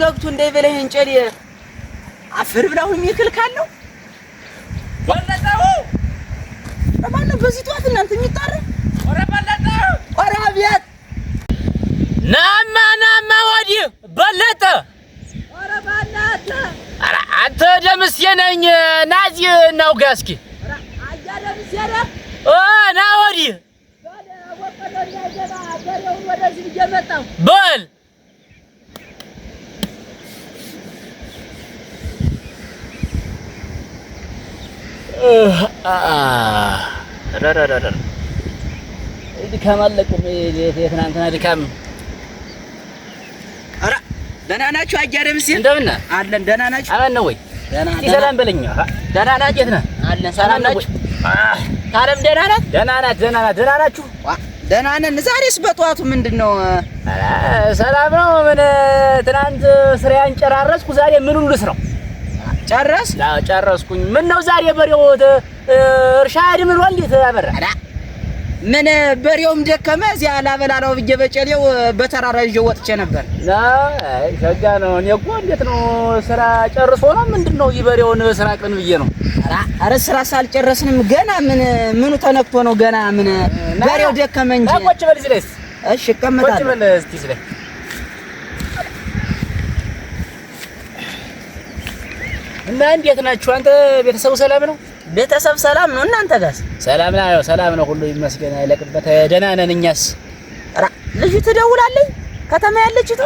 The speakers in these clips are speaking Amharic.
ገብቶ እንዳይበላህ እንጨል አፈር ብላሁን ይክልካለሁ ወለጠው ለማን በዚህ ጠዋት እናንተ የሚጣረ ኧረ በለጠው ኧረ አብያት ናማ ናማ ወዲህ በለጠ ኧረ በለጠ ኧረ አንተ ደምሴ ነኝ ናዚ እናውጋ እስኪ ና ወዲህ በል ድካም አለቅም። የትናንትና ድካም። ደህና ናችሁ? አጃደም ሲል እንደምን አለን? ደህና ናችሁ? ነው ወይ? ሰላም በለኝ። ደህና ናችሁ? የት ነህ? አለን። ሰላም ናችሁ? ታለም ደህና ናት? ደህና ናት። ደህና ናት። ደህና ናችሁ? ደህና ነን። ዛሬስ በጠዋቱ ምንድን ነው? ሰላም ነው። ምን ትናንት ስራዬን ጨራረስኩ። ዛሬ ምን ጨረስ ጨረስኩኝ። ምን ነው ዛሬ በሬው እርሻ አድምሮ እንዴት አበራ? ምን በሬውም ደከመ። እዚያ ላበላላው ብዬ በጨሌው በተራራ ይዤ ወጥቼ ነበር። አይ ሸጋ ነው። እኔ እኮ እንዴት ነው ስራ ጨርሶ ነው ምንድን ነው ይበሬውን ስራ ቅን ብዬ ነው። አረ ስራ ሳልጨረስንም ገና ምን ምኑ ተነክቶ ነው ገና ምን በሬው ደከመ እንጂ። ቆጭ በል እዚህ ላይ። እሺ እቀመጣለሁ። ቆጭ በል እስኪ እዚህ ላይ እና እንዴት ናችሁ? አንተ ቤተሰቡ ሰላም ነው? ቤተሰብ ሰላም ነው። እናንተ ጋር ሰላም ነው? ሰላም ነው። ሁሉ ይመስገን። አይለቅበት። ደህና ነን። እኛስ ልጅ ትደውላለች፣ ከተማ ያለች ያለችቱ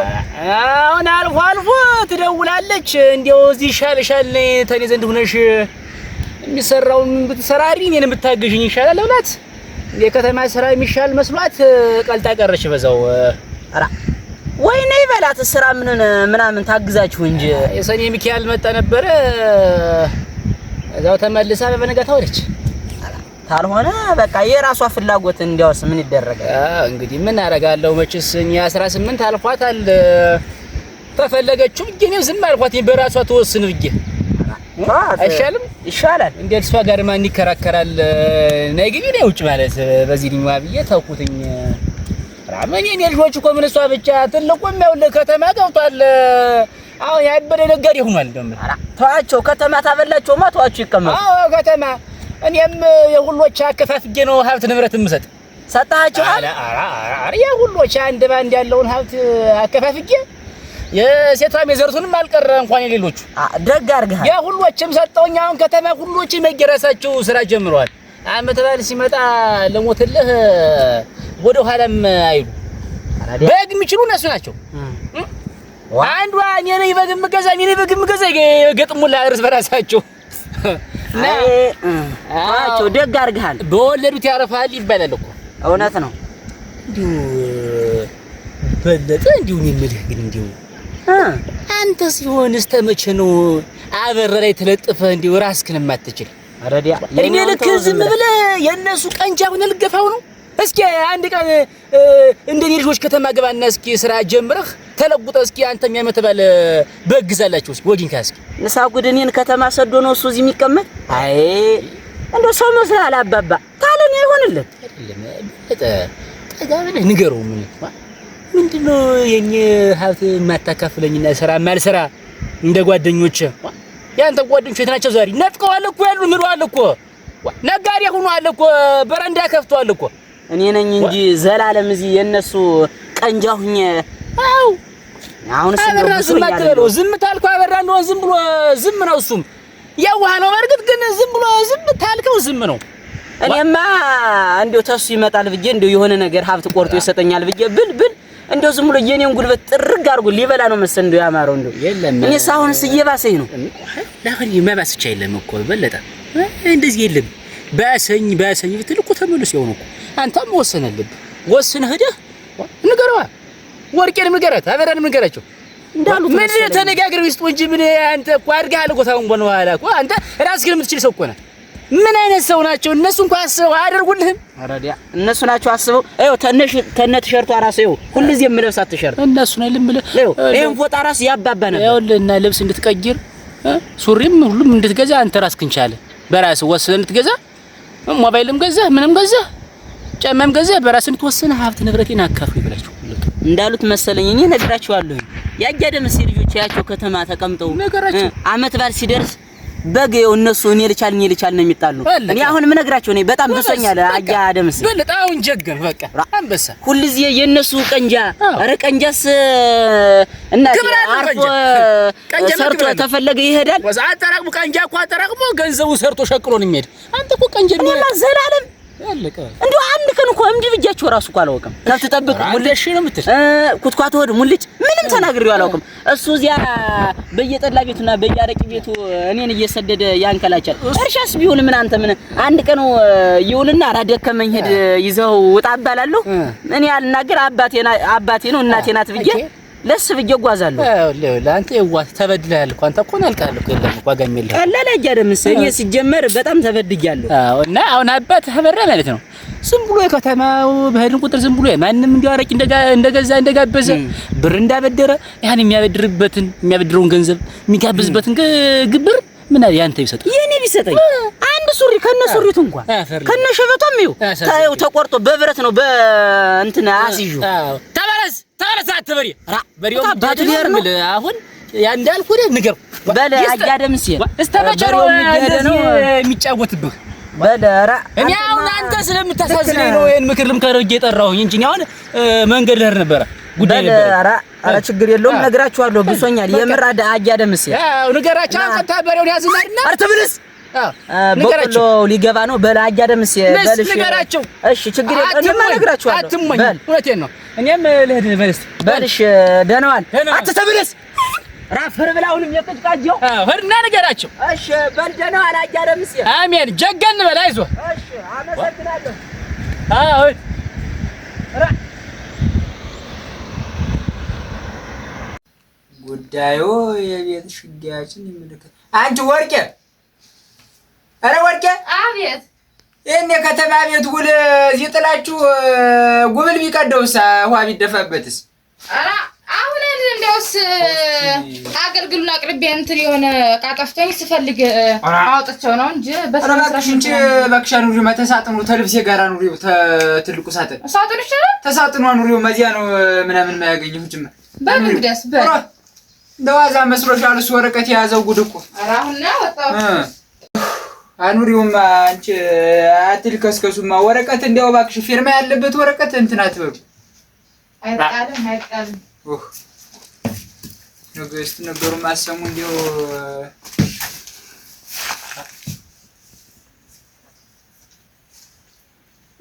አሁን አልፎ አልፎ ትደውላለች። እንዲያው እዚህ ይሻልሻል ተኔ ዘንድ ሁነሽ የሚሰራውን ብትሰራሪ እኔን ብታገዥኝ ይሻላል እውነት። የከተማ ስራ የሚሻል መስሏት ቀልጣ ቀረች በዛው ወይኔ በላት ስራ ምን ምናምን ታግዛችሁ እንጂ የሰኔ ሚካኤል መጣ ነበረ። እዛው ተመልሳ በነጋታው ወደች። ካልሆነ በቃ የራሷ ፍላጎት እንዲያውስ ምን ይደረጋል? እንግዲህ ምን አደርጋለሁ መችስ እኛ 18 አልፏታል። ተፈለገችው ግን ዝም አልኳት። በራሷ ተወስን ብዬ አይሻልም? ይሻላል። እንዴት እሷ ጋር ማን ይከራከራል? ነይ ግቢ ነይ ውጭ ማለት በዚህ ድኛዋ ብዬ ተውኩትኝ። ምን የኔ ልጆች እኮ ምን እሷ ብቻ ከተማ ገብቷል። አሁን ያበደ ተዋቸው ከተማ ታበላቸውማ ተዋቸው ይቀመጡ። አዎ ከተማ እኔም የሁሎች አከፋፍጌ ነው ሀብት ንብረት የምሰጥ። ሰጣቸው አለ አረ የሁሎች አንድ ባንድ ያለውን ሀብት አከፋፍጌ የሴቷም የዘርቱንም አልቀረ እንኳን የሌሎቹ ደግ አድርገሃል። የሁሎችም ሰጠውኝ። አሁን ከተማ ስራ ጀምረዋል። አመት በዓል ሲመጣ ወደ ኋላም አይሉ በግ የሚችሉ እነሱ ናቸው። አንዷ እኔ ነኝ በግ የምገዛ እኔ ነኝ በግ የምገዛ ገጥሙላ እርስ በራሳቸው ናቸው። ደግ አድርገሃል። በወለዱት ያረፋል ይባላል እኮ እውነት ነው። በለጠ እንዲሁ እኔ የምልህ ግን እንዲሁ አንተ ሲሆን እስከ መቼ ነው አበረ ላይ ተለጥፈ እንዲሁ ራስህን የማትችል እድሜ ልክ ዝም ብለህ የእነሱ ቀንጃ ሁነህ ልገፋው ነው እስኪ አንድ ቀን እንደ እኔ ልጆች ከተማ ገባና እስኪ ስራ ጀምረህ ተለጉጠ እስኪ አንተ የሚያመትበል በግዛላችሁ እስኪ ወዲን እስኪ ንሳ እኔን ከተማ ሰዶ ነው እሱ እዚህ የሚቀመጥ። አይ እንደ ሰው መስልሃል አባባ ታለን ይሆንልን ጠጋ ብለህ ንገረው። ምን ምንድነው የኔ ሀብት የማታካፍለኝና ስራ ማልሰራ እንደ ጓደኞች ያንተ ጓደኞች የት ናቸው? ዛሬ ነጥቀዋል እኮ ያሉ ምሉ አለ እኮ ነጋዴ ሆኖ አለ እኮ በረንዳ ከፍቷል እኮ እኔ ነኝ እንጂ ዘላለም እዚህ የነሱ ቀንጃ ሁኜ አው አሁን እሱም አትበለው። ዝም ታልከው አበራ እንደሆነ ዝም ብሎ ዝም ነው። እሱም የዋህ ነው። በእርግጥ ግን ዝም ብሎ ዝም ታልከው ዝም ነው። እኔማ እንደው ተሱ ይመጣል ብዬ እንደው የሆነ ነገር ሀብት ቆርጦ ይሰጠኛል ብዬ ብል ብል እንደው ዝም ብሎ የኔን ጉልበት ጥርግ አድርጎ ሊበላ ነው መሰል እንደው ያማረው እንደው እኔ ሳሁን እየባሰኝ ነው። ላሁን መባስ ብቻ የለም እኮ በለጠ እንደዚህ የለም ባሰኝ ባሰኝ ብትል እኮ ተመልሶ ያው እኮ አንተም ወሰነልብ አለብህ። ወስን ሄደህ ንገረዋ፣ ወርቄንም ንገራት፣ አበራንም ንገራቸው እንዳሉት ምን ተነጋግረው ይስጡ እንጂ ምን አንተ እኮ አድርገሃል እኮ ታውን ቦን በኋላ እኮ አንተ ራስህ የምትችል ሰው እኮ ነህ። ምን አይነት ሰው ናቸው እነሱ? እንኳን አስበው አያደርጉልህም። አረዲያ እነሱ ናቸው አስበው። አይው ተነሽ ተነ ትሸርቷ ራስ ሁሉ ሁልጊዜ የምለብሳት ትሸርት እነሱ ነው ልምለ ይሄን ፎጣ ራስ ያባባ ነበር። ይኸውልህና ልብስ እንድትቀይር ሱሪም ሁሉም እንድትገዛ አንተ ራስህን ቻለ በራስህ ወስነህ እንድትገዛ ሞባይልም ገዛህ ምንም ገዛህ ጨማም ገንዘብ በራስን ተወሰነ ሀብት ንብረቴን አካፍሉ ይብላችሁ እንዳሉት መሰለኝ። እኔ ነግራችኋለሁ። ያጃ ደምሴ ልጆች ያቸው ከተማ ተቀምጠው አመት ባል ሲደርስ በግ የው እነሱ እኔ ልቻል እኔ ልቻል ነው የሚጣሉ። እኔ አሁን ምን ነግራቸው እኔ በጣም ብሶኛ ለአጃ ደምስ በለጣውን ጀገር በቃ አንበሳ ሁልጊዜ የነሱ ቀንጃ። አረ ቀንጃስ እና አርፎ ቀንጃ ሰርቶ ተፈለገ ይሄዳል። ወዛ አጠራቅሙ ቀንጃ እኮ አጠራቅሙ ገንዘቡ ሰርቶ ሸቅሎ ነው የሚሄድ። አንተ እኮ ቀንጃ ነው ዘላለም እንዲሁ አንድ ቀን እኮ እምቢ ብያችሁ እራሱ እኮ አላወቅም። ከብት ጠብቅ ሙልሽ ኩትኳት ወድ ሙልጭ ምንም ተናግሬው አላውቅም። እሱ እዚያ በየጠላ ቤቱና በየአረቂ ቤቱ እኔን እየሰደደ ያንከላቻል። እርሻስ ቢሆን ምን አንተ ምን አንድ ቀን ይውልና አራደከመኝ ሄድ ይዘው ውጣ እባላለሁ እኔ አልናገር አባቴ ነው እናቴ ናት ብዬ ለስ ብዬ እጓዛለሁ። ለአንተ የዋህ ተበድለሃል እኮ አንተ እኮ ናልቃል እኮ የለም እኮ ዋጋ የሚልህ ቀላል አይደለም። እኔ ሲጀመር በጣም ተበድያለሁ። አዎ። እና አሁን አባት ተበረ ማለት ነው። ዝም ብሎ የከተማው በሄድን ቁጥር ዝም ብሎ ማንም እንዲያው አረቂ እንደገዛ እንደጋበዘ ብር እንዳበደረ ያን የሚያበድርበትን የሚያበድረውን ገንዘብ የሚጋብዝበትን ግብር ምን አለ ያንተ ይሰጥ የኔ ቢሰጠኝ አንድ ሱሪ ከነ ሱሪቱ እንኳን ከነ ሸበቷም ይው ተቆርጦ በብረት ነው በእንትና አስይዤ ሰዓት በሬ ራ በሬው አባቱ ሊያርምል አሁን እንዳልኩ ወደ ንገር በለ አያደም ሲል እስተመቸሮ ነው የሚጫወትብህ በለ ራ እኔ አሁን አንተ ስለምታሳዝነኝ ነው ይሄን ምክር ልምከረው እየጠራሁኝ እንጂ እኔ አሁን መንገድ ልሄድ ነበረ ኧረ ችግር የለውም ነግራችኋለሁ ብሶኛል የምር አጃደም ሲል ንገራቸው አንተ በሬውን ያዝናልና አርተብልስ በቆሎ ሊገባ ነው። በል አያደምስ በልሽ ንገራቸው። እሺ ችግር የለም። እኔማ አትሞኝ፣ እውነቴን ነው። እኔም ልሂድ በልስ በልሽ ደህናዋን አትተብልስ ራፍር ብላ አሁንም የቅጭቃጀው ሂድና ንገራቸው። እሺ በል ደህናዋን አያደምስ። አሜን ጀገን በል አይዞህ። እሺ አመሰግናለሁ። አዎ ጉዳዩ የቤት ሽጋያችን ይመለከታል። አንቺ ወርቄ አረ ወርቄ፣ አቤት። ይህን የከተማ ቤት ውል እዚህ ጥላችሁ ጉብል ቢቀደውስ ውሃ ቢደፋበትስ? አሁን እንደውስ አገልግሉን አቅርቤ እንትን የሆነ ዕቃ ጠፍቶኝ ስፈልግ አውጥቼው ነው እንጂ በእባክሽ እንጂ እባክሽ አኑሪውማ ተሳጥኑ ተልብሴ ጋር ኑሪ ትልቁ ሳጥን ሳጥን ይችላል ተሳጥኑ አኑሪው መዚያ ነው ምናምን ማያገኝ ሁጭም በምንግደስ በ እንደዋዛ መስሎሻል እሱ ወረቀት የያዘው ጉድ እኮ አሁን ነው ወጣሁ አኑሪውማ አንቺ አትልከስከሱማ። ወረቀት እንዲያው እባክሽ ፊርማ ያለበት ወረቀት እንትን አትበሉ። አይጣልም አይጣልም። ነገስት ነገሩ ማሰሙ እንዲያው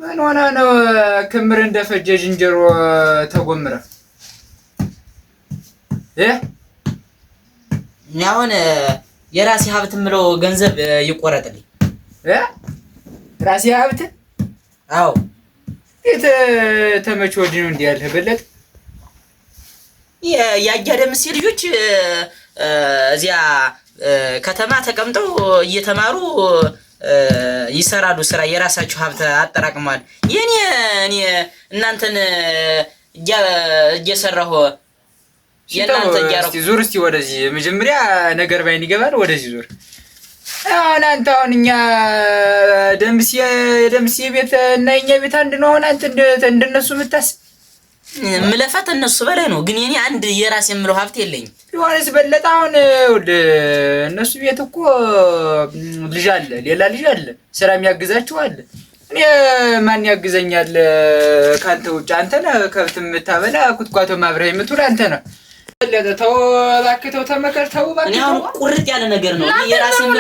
ምን ሆነ ነው ክምር እንደፈጀ ዝንጀሮ ተጎምረ እ እኔ አሁን የራሴ ሀብት ምለው ገንዘብ ይቆረጥልኝ ራሴ ሀብት አዎ የተመች ወዲህ እንዲህ ያለህ በለጠ የአያደምሴ ልጆች እዚያ ከተማ ተቀምጠው እየተማሩ ይሰራሉ ስራ የራሳችሁ ሀብት አጠራቅሟል። የኔ እኔ እናንተን እየሰራሁ የእናንተ እያረኩ ዙር እስኪ ወደዚህ መጀመሪያ ነገር ባይን ይገባል። ወደዚህ ዙር አሁን አንተ አሁን እኛ ደምስ የደምስ ቤት እና የኛ ቤት አንድ ነው። አሁን አንተ እንደነሱ የምታስብ ምለፋት እነሱ በላይ ነው። ግን የኔ አንድ የራሴ የምለው ሀብት የለኝም። ዮሐንስ በለጠ አሁን ወደ እነሱ ቤት እኮ ልጅ አለ፣ ሌላ ልጅ አለ፣ ስራ የሚያግዛቸው አለ። እኔ ማን ያግዘኛል ከአንተ ውጭ? አንተ ነህ ከብት የምታበላ ኩትኳቶ ማብረህ የምትውል አንተ ነህ። ተወላክተው ተመከርተው ቁርጥ ያለ ነገር ነው። የራሴን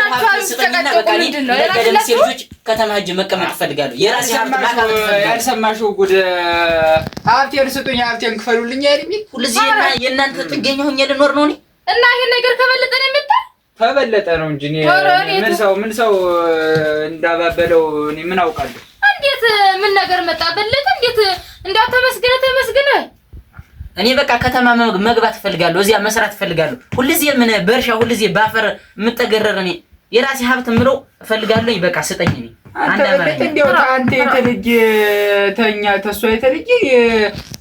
ልጆች ከተማ ሂጅ መቀመጥ እፈልጋለሁ። ያልሰማሽው ጉድ ሀብቴን ስጡኝ፣ ሀብቴን ክፈሉልኝ አይደል? ሁልጊዜ የእናንተ ጥገኛ ሆኜ ልኖር ነው እና ይሄ ነገር ከበለጠ ነው የምታይ ከበለጠ ነው እንጂ ምን ሰው ምን ሰው እንዳባበለው እኔ ምን አውቃለሁ። እንዴት ምን ነገር መጣ በለጠ? እንዴት እንዳው ተመስገነ እኔ በቃ ከተማ መግባት እፈልጋለሁ። እዚያ መስራት እፈልጋለሁ። ሁልጊዜ ምን በእርሻ ሁልጊዜ ባፈር የምጠገረር እኔ የራሴ ሀብት ምለው እፈልጋለሁ። በቃ ስጠኝ። እኔ እንደው አንተ የተልጅ ተኛ ተሷ የተልጅ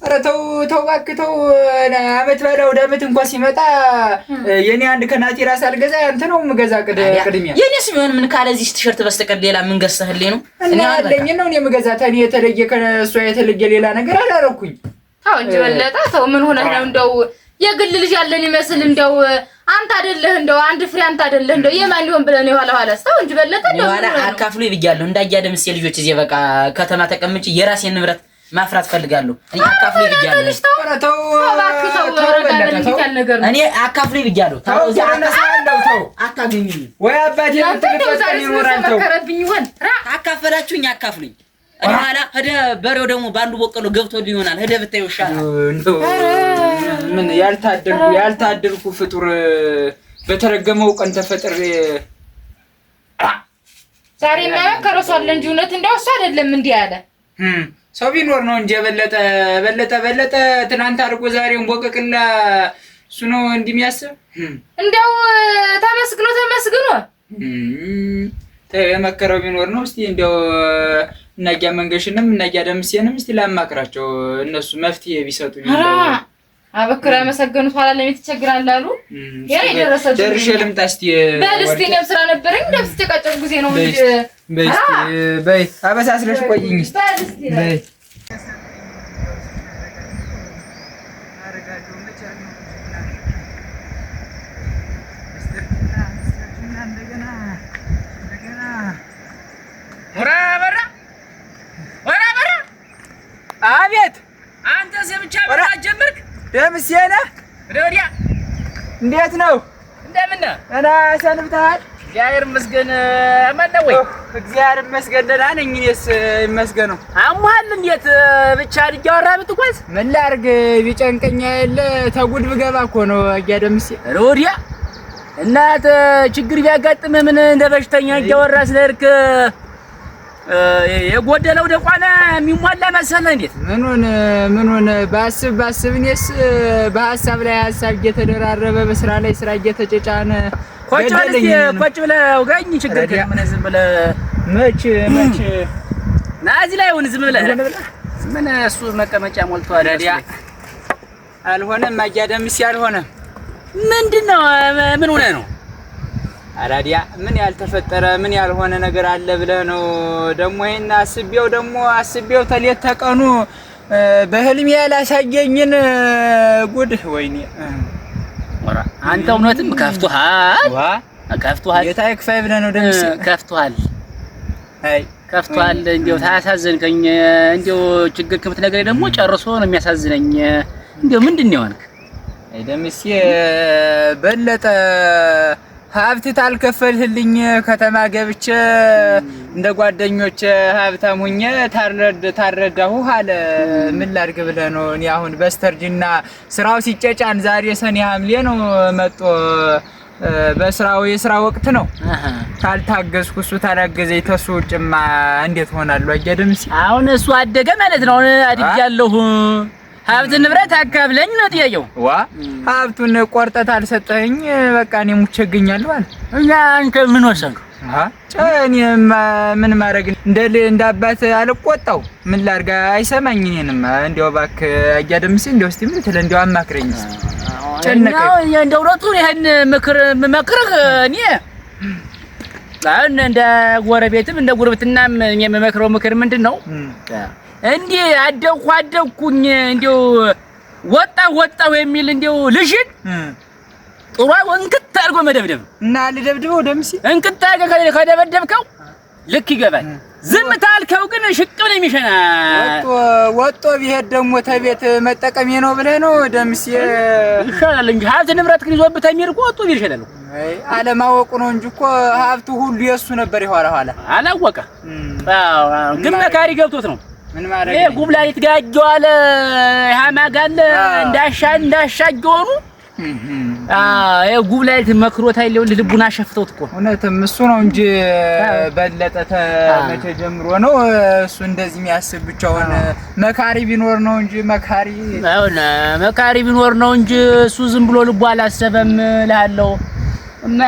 ኧረ ተው ተው እባክህ ተው። አመት በላ ወደ አመት እንኳን ሲመጣ የኔ አንድ ከናቲ ራስ አልገዛ አንተ ነው የምገዛ ቅድሚያ የኔስ ቢሆን ምን ካለዚህ ቲሸርት በስተቀር ሌላ ምን ገዝተህልኝ ነው? እና ያለኝ ነው እኔ የምገዛ ተኔ የተለየ ከሷ የተለየ ሌላ ነገር አላረኩኝ። ታው እንጂ በለጠ ተው። ምን ሆነህ ነው እንደው የግል ልጅ ያለን ይመስል እንደው አንተ አይደለህ እንደው አንድ ፍሬ አንተ አይደለህ እንደው የማን ሊሆን ብለህ ነው? ኋላ ኋላ ሰው እንጂ በለጠ ነው ኋላ አካፍሉ ይብያለሁ እንዳያደም ሴ ልጆች እዚህ በቃ ከተማ ተቀምጬ የራሴን ንብረት ማፍራት ፈልጋለሁ። አካፍሉ ይብያለሁ። ተው አካፍሉኝ ኋላ ሄደ በሬው ደግሞ በአንዱ ቦቀሎ ገብቶ ይሆናል። ሄደ ብታዪው ይሻላል። ምን ያልታደልኩ ያልታደልኩ ፍጡር በተረገመው ቀን ተፈጥሬ ዛሬ ማከረው ሳለ እንጂ እውነት እንደው እሱ አይደለም እንዲህ ያለ ሰው ቢኖር ነው እንጂ የበለጠ በለጠ በለጠ ትናንት አድርጎ ዛሬውን ቦቀቅላ እሱ ነው እንዲህ የሚያስብ። እንደው ተመስግኖ ተመስግኖ የመከረው ቢኖር ነው። እስቲ እንደው እነጊያ መንገሽንም እነጊያ ደምሴንም እስቲ ላማክራቸው እነሱ መፍትሄ ቢሰጡ አበክሮ ያመሰገኑ ኋላ ለሜት ይቸግራል አሉ። ያ የደረሰ ደርሼ ልምጣ እስቲ በል እስቲ እኔም ስራ ነበረኝ። ደብስ ተቃጨቁ ጊዜ ነው እንጂ በይ አበሳስለሽ ቆይኝ እስቲ በይ እንዴት ነው? እንደምን ነህ? እና ሰንብተሃል? እግዚአብሔር ይመስገን። አማን ነው ወይ? እግዚአብሔር ይመስገን ደህና ነኝ። እኔስ ይመስገነው። አሟል እንዴት ብቻህን እያወራህ ብትጓዝ? ምን ላድርግ ቢጨንቀኛ የለ ተጉድ ብገባ እኮ ነው። አያደምስ ሮዲያ እናት ችግር ቢያጋጥም ምን እንደ በሽተኛ እያወራህ ስለሄድክ የጎደለው ደቋላ የሚሟላ መሰለህ? እንዴት ምኑን ምኑን በአስብ በአስብ እኔስ በሀሳብ ላይ ሀሳብ እየተደራረበ በስራ ላይ ስራ እየተጨጫነ ቆጭ ቆጭ ብለህ አውጋኝ። ችግር ግን ምን ዝም ብለህ መች መች ና እዚህ ላይ ሆን ዝም ብለህ ምን እሱ መቀመጫ ሞልቷል። ታዲያ አልሆነም። አያደምስ ያልሆነ ምንድን ነው? ምን ሆነህ ነው አራዲያ ምን ያልተፈጠረ ምን ያልሆነ ነገር አለ ብለህ ነው ደግሞ ይሄን አስቤው ደግሞ አስቤው ተሌት ተቀኑ በህልሜ ያላሳየኝን ጉድ ወይኔ ወራ አንተ እውነትም ከፍቶሃል ከፍቶሃል የታይ ክፋይ ብለህ ነው ደምስ ከፍቶሃል አይ ከፍቷል። እንዴው ታሳዝንከኝ። እንዴው ችግር ክምት ነገር ደግሞ ጨርሶ ነው የሚያሳዝነኝ። እንዴው ምንድን ነው የሆንክ ደምሴ በለጠ ሀብት አልከፈልህልኝ ከተማ ገብቼ እንደ ጓደኞች ሀብታም ሁኜ ታረዳሁ አለ። ምን ላድርግ ብለህ ነው? እኔ አሁን በስተርጅና ስራው ሲጨጫን ዛሬ ሰኔ ሐምሌ ነው መጦ በስራው የስራ ወቅት ነው። ካልታገዝኩ እሱ ታላገዘ ተሱ ጭማ እንዴት ሆናለሁ? አያ ድምፅ አሁን እሱ አደገ ማለት ነው። አሁን አድጌያለሁ ሀብት ንብረት አካብለኝ ነው ጥያቄው። ዋ ሀብቱን ቆርጠት አልሰጠኝ፣ በቃ እኔ ሙቼ እገኛለሁ አለ። እና አንተ ምን ወሰንክ? እኔ ምን ማድረግ እንደ እንደ አባት አልቆጣው ምን ላድርግ? አይሰማኝ። እኔንም እንደው እባክህ አያደምስ እንደው እስኪ ምን ትለህ እንዲያው አማክረኝ እስኪ ጨነቀኝ። እንደ እውነቱን ይህን ምክር የምመክርህ እኔ አሁን እንደ ጎረቤትም እንደ ጉርብትናም የምመክረው ምክር ምንድን ነው እንዲህ አደኩ አደግኩኝ እንዲው ወጣ ወጣሁ የሚል እንዲው ልጅን ጥሩ እንቅጥ አድርጎ መደብደብ እና ልደብድበው ደምሲ እንቅጥ አድርገህ ከደበደብከው ልክ ይገባል። ዝም ታልከው ግን ሽቅብ ነው የሚሸና። ወጦ ቢሄድ ደግሞ ተቤት መጠቀሜ ነው ብለህ ነው ደምሴ? ይሻላል እንጂ ሀብት ንብረት ግን ይዞብህ ተሚሄድ እኮ ወጦ ቢሄድ ይሻላል። አለማወቁ ነው እንጂ እኮ ሀብቱ ሁሉ የእሱ ነበር። የኋላ ኋላ አላወቀ ግን መካሪ ገብቶት ነው ጉብላሊት ጋር አጀዋል ሀማጋል እንዳሻ እንዳሻ አጀወሩ ጉብላሊት መክሮታ ይኸውልህ ልቡን አሸፍተውት እኮ እውነትም እሱ ነው እንጂ በለጠ ተመቼ ጀምሮ ነው እሱ እንደዚህ የሚያስብ ብቻውን መካሪ ቢኖር ነው እንጂ መካሪ መካሪ ቢኖር ነው እንጂ እሱ ዝም ብሎ ልቡ አላሰበም እልሃለሁ። እና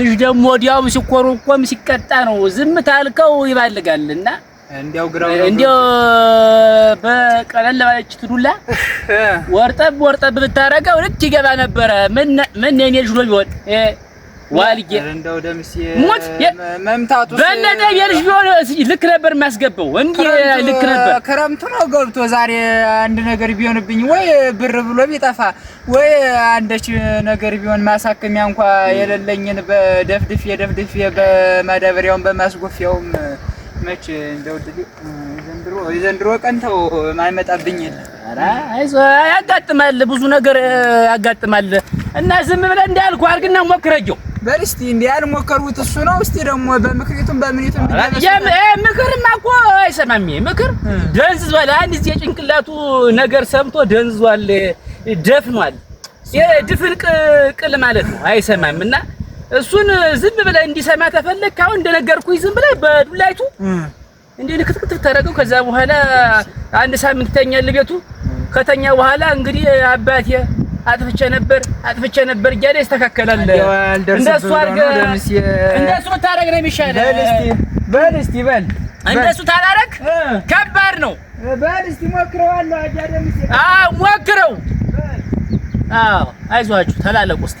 ልጅ ደግሞ ወዲያውም ሲኮረኮም ሲቀጣ ነው ዝም ታልከው ይባልጋልና እንዲያው ግራው እንዲያው በቀለል ባለች ዱላ ወርጠብ ወርጠብ ብታረገው ልክ ይገባ ነበረ። ምን ምን የኔ ልጅ ቢሆን ዋልጌ እንደው ደምስ መምታቱ በለጠ የልጅ ቢሆን ልክ ነበር የሚያስገባው። እንዲህ ልክ ነበር። ክረምቱ ነው ገብቶ ዛሬ አንድ ነገር ቢሆንብኝ ወይ ብር ብሎ ቢጠፋ ወይ አንደች ነገር ቢሆን ማሳከሚያ እንኳ የሌለኝን በደፍድፌ ደፍድፌ በማዳበሪያውም በማስጎፊያውም መች እንደው ዘንድሮ የዘንድሮ ቀን ተው ማይመጣብኝ የለ። ኧረ አይዞህ ያጋጥማል፣ ብዙ ነገር ያጋጥማል። እና ዝም ብለህ እንዳልኩ አድርግና ሞክረው በል እስኪ። እንደ ያልሞከርኩት እሱ ነው። እስኪ ደግሞ በምክሪቱም በምኒቱም ምክርማ እኮ አይሰማም። ምክር ደንዝዟል። አንድ ጊዜ ጭንቅላቱ ነገር ሰምቶ ደንዝዟል፣ ደፍኗል። ድፍን ቅል ማለት ነው። አይሰማም እና እሱን ዝም ብለህ እንዲሰማ ተፈለግ። አሁን እንደነገርኩኝ ዝም ብለህ በዱላይቱ እንዴ ንክትክት ተረገው። ከዛ በኋላ አንድ ሳምንት ተኛል ቤቱ። ከተኛ በኋላ እንግዲህ አባቴ አጥፍቼ ነበር አጥፍቼ ነበር እያለ ይስተካከላል። እንደሱ አድርገህ እንደሱ ብታደርግ ነው የሚሻለው። በል እስኪ በል እንደሱ ታላረግ ከባድ ነው። በል እስኪ ሞክረዋለሁ። አዎ ሞክረው። አዎ አይዟችሁ ተላለቁ እስኪ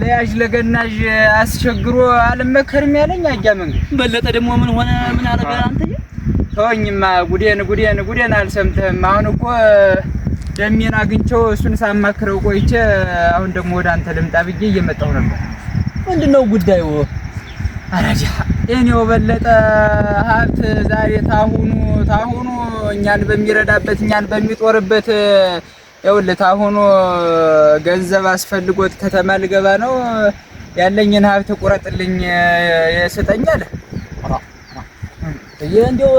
ለያዥ ለገናዥ አስቸግሮ አልመከርም ያለኝ አጃ በለጠ ደግሞ ምን ሆነ? ምን አረገ? አንተ ተወኝማ፣ ጉዴን ጉዴን ጉዴን አልሰምተህም። አሁን እኮ ደሜን አግኝቼው እሱን ሳማክረው ቆይቼ አሁን ደግሞ ወደ አንተ ልምጣ ብዬ እየመጣሁ ነበር። ምንድን ጉዳዩ? አራጃ እኔው በለጠ ሀብት ዛሬ ታሁኑ ታሁኑ እኛን በሚረዳበት እኛን በሚጦርበት ይኸውልህ አሁኑ ገንዘብ አስፈልጎት ከተማ ልገባ ነው። ያለኝን ሀብት ቁረጥልኝ ስጠኛል። ይህ እንዲያው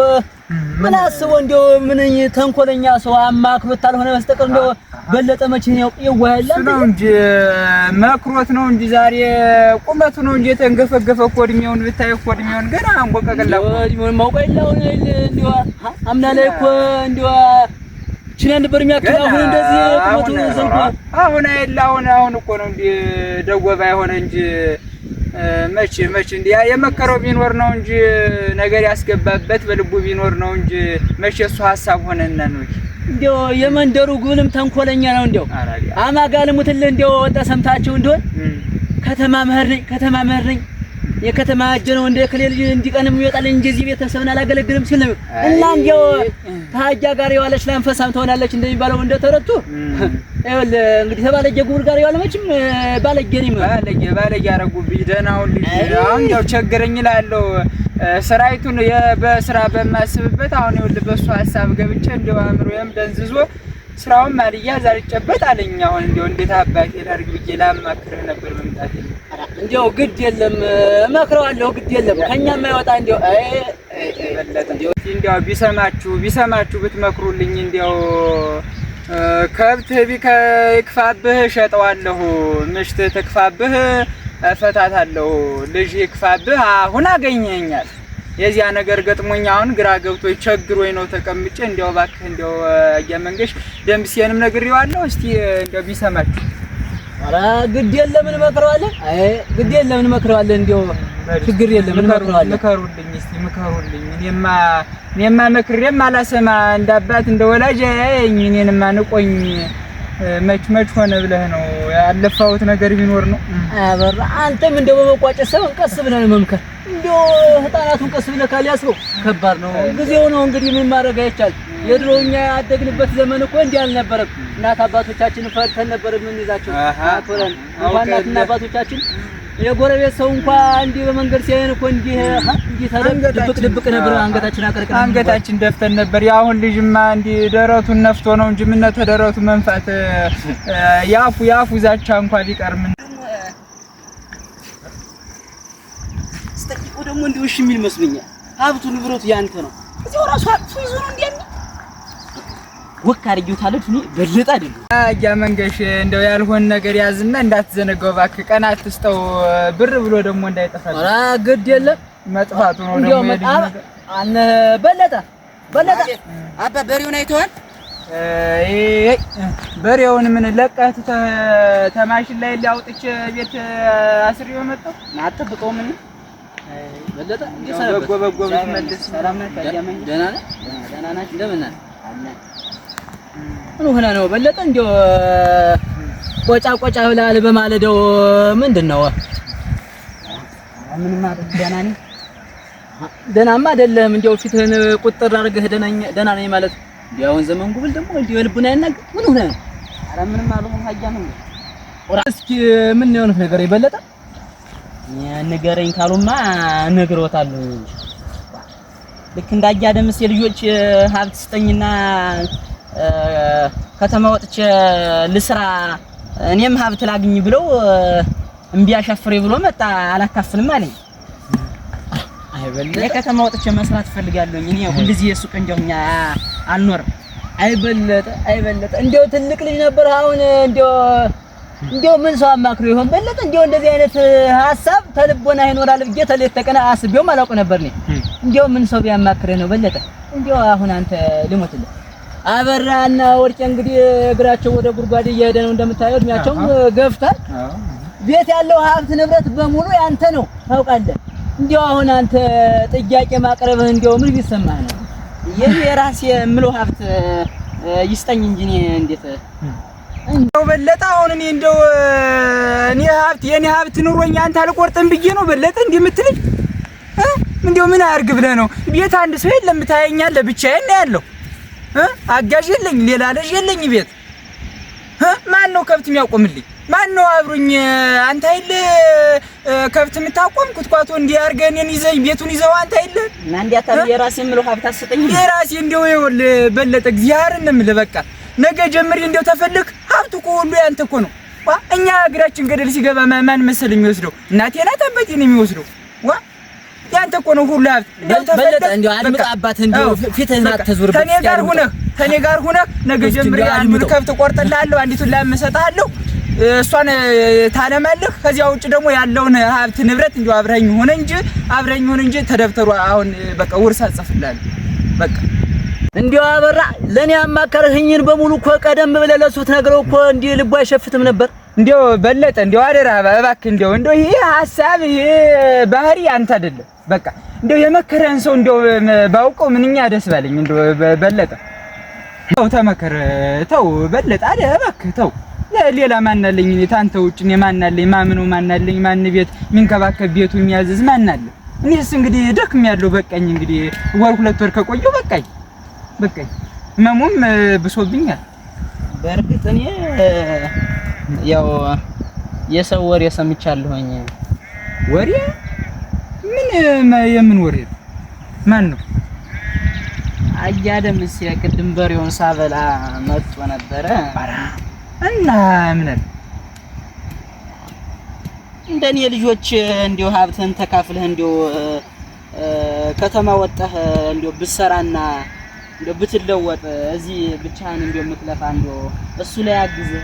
ምን አስቦ እንዲያው ምን ተንኮለኛ ሰው አማክሮት አልሆነ በስተቀር እንዲያው በለጠ መቼ ነው ይዋያል ነው እንጂ መክሮት ነው እንጂ ዛሬ ቁመቱ ነው እንጂ የተንገፈገፈ እኮ እድሜውን ብታይ እኮ እድሜውን ገና አንጎቀቀላ እኮ እድሜውን ማውቀላው ነው እንዲያው አምና ላይ እኮ እንዲያው ችላ ነበር የሚያክል አሁን እንደዚህ ቁመቱ ዘንኳል። አሁን አይደል አሁን አሁን እኮ ነው እንደ ደጎባ የሆነ እንጂ መቼ መቼ እንደ ያ የመከረው ቢኖር ነው እንጂ ነገር ያስገባበት በልቡ ቢኖር ነው እንጂ መቼ እሱ ሀሳብ ሆነና ነው እንዲያው የመንደሩ ጉልም ተንኮለኛ ነው። እንዲያው አማጋልሙትልህ እንዲያው ወጣ ሰምታችሁ እንደሆን ከተማ መህር ነኝ ከተማ መህር ነኝ የከተማ እጅ ነው እንደ እከሌ ልጅ እንዲቀንም ይወጣል እንጂ እዚህ ቤተሰብን አላገለግልም ሲል ነው እና እንዲያው ታጃ ጋር የዋለች ላንፈሳም ትሆናለች እንደሚባለው እንደ ተረቱ ይኸውልህ እንግዲህ ተባለጀ ጉብር ጋር የዋለ መችም ባለጌ ነው ባለጌ ባለጌ አደረጉብኝ። ደህናውን ልጅ አሁን ያው ቸገረኝ እላለሁ። ስራይቱን በስራ በማስብበት አሁን ይኸውልህ በእሱ ሀሳብ ገብቼ እንደው አእምሮዬም ደንዝዞ ስራውን ማድያ ዛርጨበት አለኝ። አሁን እንደው እንዴት አባቴ ላድርግ ብዬ ላማክርህ ነበር መምጣት። እንዲያው ግድ የለም እመክረዋለሁ፣ ግድ የለም ከእኛ የማይወጣ እንዲያው እንዲያው ቢሰማችሁ ቢሰማችሁ ብትመክሩልኝ እንዲያው ከብት ይክፋብህ እሸጠዋለሁ፣ ምሽት ትክፋብህ እፈታታለሁ፣ ልጅ ይክፋብህ አሁን አገኘኛል የዚያ ነገር ገጥሞኝ አሁን ግራ ገብቶ ቸግሮኝ ነው ተቀምጬ። እንዲያው እባክህ እንዲያው እያመንገሽ ደምሴንም ነግሬዋለሁ። እስቲ እንዲያው ቢሰማችሁ። ኧረ ግድ የለም እንመክረዋለን። አይ ግድ የለም እንመክረዋለን። እንዲያው ችግር የለም እንመክረዋለን። ምከሩልኝ እስቲ ምከሩልኝ። እኔማ እኔማ መክሬም አላሰማ እንዳባት እንደወላጅ አያየኝ እኔንማ ንቆኝ መች መች ሆነ ብለህ ነው ያለፋሁት ነገር ቢኖር ነው። አበራ አንተም እንደው በመቋጨት ሰው ቀስ ነው መምከር እንደው ህፃናቱን ቀስ ብለህ ካልያዝከው ከባድ ነው። ጊዜው ነው እንግዲህ ምን ማድረግ የድሮ እኛ ያደግንበት ዘመን እኮ እንዲህ አልነበረም። እናት አባቶቻችን ፈርተን ነበር የምንይዛቸው አክብረን። እንኳን እናትና አባቶቻችን የጎረቤት ሰው እንኳ እንዲህ በመንገድ ሲያየን እኮ እንዲህ እንዲህ ድብቅ ድብቅ ነበር። አንገታችን አንገታችን ደፍተን ነበር። የአሁን ልጅማ እንዲህ ደረቱን ነፍቶ ነው እንጂ ምነው ተደረቱ መንፋት ያፉ ያፉ ዛቻ ደግሞ እንዲሁ እሺ የሚል መስሎኛል። ሀብቱ ንብረቱ ያንተ ነው። እዚሁ ራሱ አጥቶ ይዞ ነው እንዴ? ወክ አድርጌዋታለሁ። እኔ በለጠ አይደለም አያ መንገሽ እንደው ያልሆን ነገር ያዝና እንዳትዘነገው እባክህ። ቀና አትስጠው ብር ብሎ ደግሞ እንዳይጠፋ። ኧረ ግድ የለም መጥፋቱ ነው ደግሞ አነ በለጠ በለጠ አባ በሬውን አይተዋል። በሬውን ምን ለቀህ ተማሽን ላይ አውጥቼ ቤት አስሬው መጣሁ። አትጠብቀውም ምን ሆነ ነው በለጠ? እንደው ቆጫ ቆጫ ብለሃል በማለዳው ምንድን ነው? ምንም አይደለም። ደህና ደህናማ አይደለም። እንደው ፊትህን ቁጥር አድርገህ ደህና ነኝ ማለት ያውን ዘመን ጉብል ደግሞ እንደው የልቡን አይናገር። ምን ሆነ ነው? ምን እስኪ ምን የሆንህ ነገር በለጠ? ንገረኝ ካሉማ እነግሮታለሁ። ልክ እንዳያደምስ የልጆች ሀብት ስጠኝና ከተማ ወጥቼ ልስራ እኔም ሀብት ላግኝ ብለው እምቢ አሻፍሬ ብሎ መጣ። አላካፍልም አለኝ። አይበለጠ የከተማ ወጥቼ መስራት እፈልጋለሁኝ። እኔ ሁልጊዜ የሱ ቀንጆኛ አልኖርም። አይበለጠ አይበለጠ እንደው ትልቅ ልጅ ነበር። አሁን እንደው እንዲያው ምን ሰው አማክሮ ይሆን በለጠ? እንዲያው እንደዚህ አይነት ሀሳብ ተልቦና ይኖራል ብዬ ተሌት ተቀና አስቤው አላውቅ ነበር ነኝ። እንዲያው ምን ሰው ቢያማክረ ነው በለጠ? እንዲያው አሁን አንተ ልሞትልህ። አበራና ወርቄ እንግዲህ እግራቸው ወደ ጉድጓድ እየሄደ ነው እንደምታየው፣ እድሜያቸውም ገፍቷል። ቤት ያለው ሀብት ንብረት በሙሉ ያንተ ነው ታውቃለህ። እንዲያው አሁን አንተ ጥያቄ ማቅረብህ እንዲያው ምን ቢሰማህ ነው? የራሴ የምለው ሀብት ይስጠኝ እንጂ እኔ እንዴት እንደው በለጠ አሁን እኔ እንደው እኔ ሀብት የኔ ሀብት ኑሮኝ አንተ አልቆርጥም ብዬ ነው በለጠ እንዲህ የምትልኝ እንደው ምን አያርግ ብለህ ነው? ቤት አንድ ሰው የለም ታየኛለህ፣ ብቻዬን ነው ያለው። አጋዥ የለኝ፣ ሌላ ልጅ የለኝ ቤት ማን ነው ከብት የሚያቆምልኝ? ማን ነው አብሮኝ? አንተ አይደል ከብት የምታቆም ኩትኳቶ እንዲህ እኔን ይዘህ ቤቱን ይዘው አንተ አይደል እና እንዲያ ታዲያ የራሴ የምለው ሀብት አትሰጠኝም? የራሴ እንደው ይኸውልህ በለጠ እግዚአብሔርን ነው የምልህ በቃ ነገ ጀምሬ እንደው ተፈልክ ሀብቱ እኮ ሁሉ ያንተ እኮ ነው። ዋ እኛ እግራችን ገደል ሲገባ ማን መሰል የሚወስደው? እናቴ ናት አባቴ ነው የሚወስደው። ዋ ያንተ እኮ ነው ሁሉ ሀብት። በለጠ እንደው አድምጥ አባትህ፣ እንደው ፊትህን አትዞርበት። ከኔ ጋር ሁነህ ከኔ ጋር ሁነህ ነገ ጀምሬ አንዱን ከብት ቆርጥልሃለሁ፣ አንዲቱን ላም እሰጥሃለሁ፣ እሷን ታለማለህ። ከዚያ ውጭ ደግሞ ያለውን ሀብት ንብረት እንደው አብረኝ ሆነ እንጂ አብረኝ ሆነ እንጂ ተደብተሩ አሁን በቃ ውርስ አጽፍልሃለሁ በቃ እንዲያው አበራ ለኔ አማከርህኝን በሙሉ እኮ ቀደም ብለህ ለሱት ትነግረው እኮ እንዲህ ልቡ አይሸፍትም ነበር። እንዲያው በለጠ እንዲያው አደራ እባክህ እንዲያው እንዲያው ይሄ ሀሳብ ይሄ ባህሪ አንተ አይደለም። በቃ እንዲያው የመከረህን ሰው እንዲያው ባውቀው ምንኛ ደስ ባለኝ። እንዲያው በለጠ ተው ተመከር፣ ተው በለጠ አደ እባክህ ተው። ሌላ ማናለኝ እኔ ታንተ ውጭ እኔ ማናለኝ? ማምነው ማናለኝ? ማን ቤት የሚንከባከብ ቤቱ የሚያዝዝ ማናለኝ? እኔስ እንግዲህ ደክም ያለው በቃኝ። እንግዲህ ወር ሁለት ወር ከቆየሁ በቃኝ። በቃኝ። ህመሙም ብሶብኛል። በእርግጥ እኔ ያው የሰው ወሬ ሰምቻለሁኝ። ወሬ ምን የምን ወሬ ነው? ማን ነው? አያደም ሲያ በሬውን ሳበላ መጥቶ ነበረ እና እምነት እንደኔ ልጆች እንዲሁ ሀብትህን ተካፍለህ እንዲሁ ከተማ ወጣህ እንዲሁ ብትሰራና ብትለወጥ እዚህ ብቻህን እንዲሁ የምትለፋ እንደው እሱ ላይ አግዝህ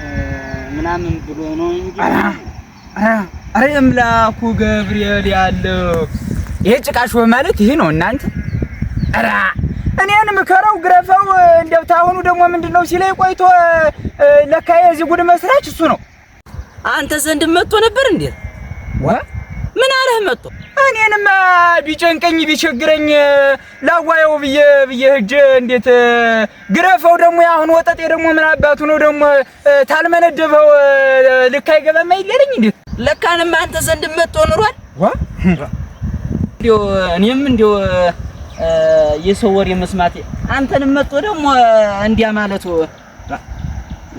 ምናምን ብሎ ነው እንጂ አረ አምላኩ ገብርኤል ያለው ይሄ ጭቃሽ ማለት ይሄ ነው እናንተ። አረ እኔን ምከረው ግረፈው። እንደው ታሁኑ ደግሞ ምንድነው ሲለኝ ቆይቶ ለካ የዚህ ጉድ መስራች እሱ ነው። አንተ ዘንድ መጥቶ ነበር እንዴ? ምን አለህ መጥቶ እኔንማ ቢጨንቀኝ ቢቸግረኝ ላዋየው ብዬ ብዬ ሂጅ እንዴት ግረፈው ደግሞ የአሁን ወጠጤ ደግሞ ምን አባቱ ነው ደግሞ ታልመነደበው ልክ አይገባም አይገለኝ እንዴት ለካንም አንተ ዘንድ መጥቶ ኑሯል ዋ እንዲያው እኔም እንዲያው የሰው ወሬ መስማቴ አንተንም መጥቶ ደግሞ እንዲያ ማለቱ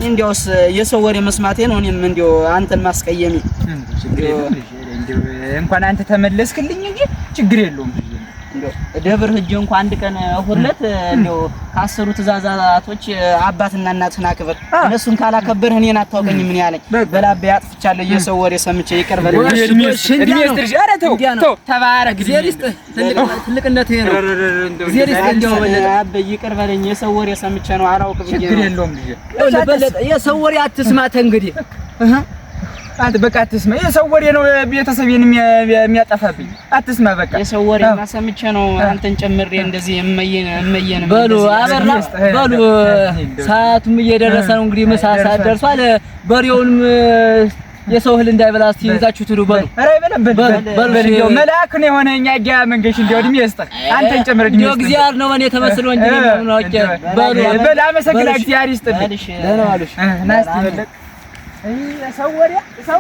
እንዲያውስ የሰው ወሬ መስማቴ ነው እኔም እንዲያው አንተን ማስቀየሜ እንደው እንኳን አንተ ተመለስክልኝ እንጂ ችግር የለውም ብዬ እንደው ደብር ሂጅ እንኳን አንድ ቀን ሁለት እንደው ከአስሩ ትእዛዛቶች አባትና እናትህን አክብር፣ እነሱን ካላከበርህ እኔን አታውቀኝ ምን ያለኝ በላቤ አጥፍቻለሁ። የሰው ወሬ ሰምቼ ይቅር በለኝ። የሰው ወሬ ሰምቼ ነው አላውቅም። ችግር የለውም የሰው ወሬ አትስማተ እንግዲህ አንተ በቃ አትስማ። የሰው ወሬ ነው ቤተሰቤን የሚያጠፋብኝ። አትስማ በቃ የሰው ወሬ እና ነው አንተን ጨምሬ እንደዚህ የመየን የመየን። በሉ አበራ በሉ፣ ሰዓቱም እየደረሰ ነው እንግዲህ ምሳ ሰዓት ደርሷል። በሬውንም የሰው እህል እንዳይበላ እስቲ ይዛችሁ ትዱ። በሉ ኧረ አይበላም። በሉ። በል በል መልአክ ነው የሆነ እኛ ጋ መንገሽ እንደው እድሜ ይስጥህ አንተን ጨምረ እድሜ ይስጥህ። እግዚአብሔር ነው በኔ ተመስሎ እንጂ ነው አውቄ። በሉ በል አመሰግናለሁ። እግዚአብሔር ይስጥልኝ። ደህና ዋልሽ። ና እስቲ በል ሰው ወደ ሰው